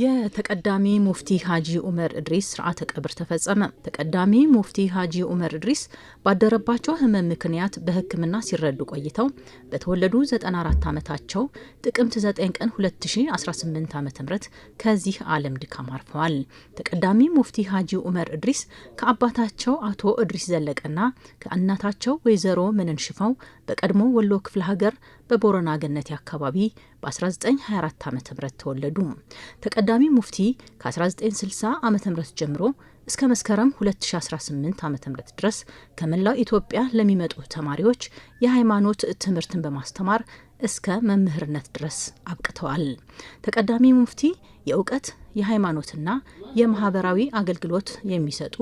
የተቀዳሚ ሙፍቲ ሀጂ ኡመር እድሪስ ስርዓተ ቀብር ተፈጸመ። ተቀዳሚ ሙፍቲ ሀጂ ኡመር እድሪስ ባደረባቸው ህመም ምክንያት በሕክምና ሲረዱ ቆይተው በተወለዱ 94 ዓመታቸው ጥቅምት 9 ቀን 2018 ዓ.ም ከዚህ ዓለም ድካም አርፈዋል። ተቀዳሚ ሙፍቲ ሀጂ ኡመር እድሪስ ከአባታቸው አቶ እድሪስ ዘለቀና ከእናታቸው ወይዘሮ ምንን ሽፈው በቀድሞ ወሎ ክፍለ ሀገር በቦረና ገነቴ አካባቢ በ1924 ዓ ም ተወለዱ። ተቀዳሚ ሙፍቲ ከ1960 ዓ ም ጀምሮ እስከ መስከረም 2018 ዓ ም ድረስ ከመላው ኢትዮጵያ ለሚመጡ ተማሪዎች የሃይማኖት ትምህርትን በማስተማር እስከ መምህርነት ድረስ አብቅተዋል። ተቀዳሚ ሙፍቲ የእውቀት የሃይማኖትና የማህበራዊ አገልግሎት የሚሰጡ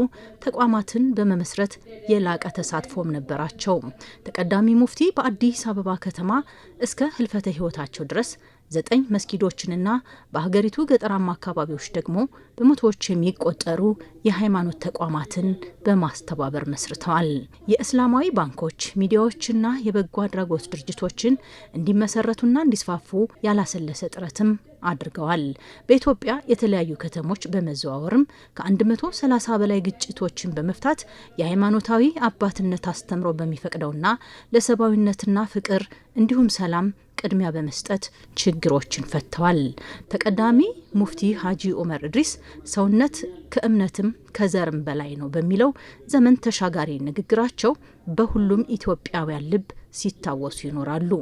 ተቋማትን በመመስረት የላቀ ተሳትፎም ነበራቸው። ተቀዳሚ ሙፍቲ በአዲስ አበባ ከተማ እስከ ህልፈተ ህይወታቸው ድረስ ዘጠኝ መስጊዶችንና በሀገሪቱ ገጠራማ አካባቢዎች ደግሞ በመቶዎች የሚቆጠሩ የሃይማኖት ተቋማትን በማስተባበር መስርተዋል። የእስላማዊ ባንኮች፣ ሚዲያዎችና የበጎ አድራጎት ድርጅቶችን እንዲመሰረቱና እንዲስፋፉ ያላሰለሰ ጥረትም አድርገዋል። በኢትዮጵያ የተለያዩ ከተሞች በመዘዋወርም ከ130 በላይ ግጭቶችን በመፍታት የሃይማኖታዊ አባትነት አስተምሮ በሚፈቅደውና ለሰብአዊነትና ፍቅር እንዲሁም ሰላም ቅድሚያ በመስጠት ችግሮችን ፈተዋል። ተቀዳሚ ሙፍቲ ሀጂ ኡመር እድሪስ ሰውነት ከእምነትም ከዘርም በላይ ነው በሚለው ዘመን ተሻጋሪ ንግግራቸው በሁሉም ኢትዮጵያውያን ልብ ሲታወሱ ይኖራሉ።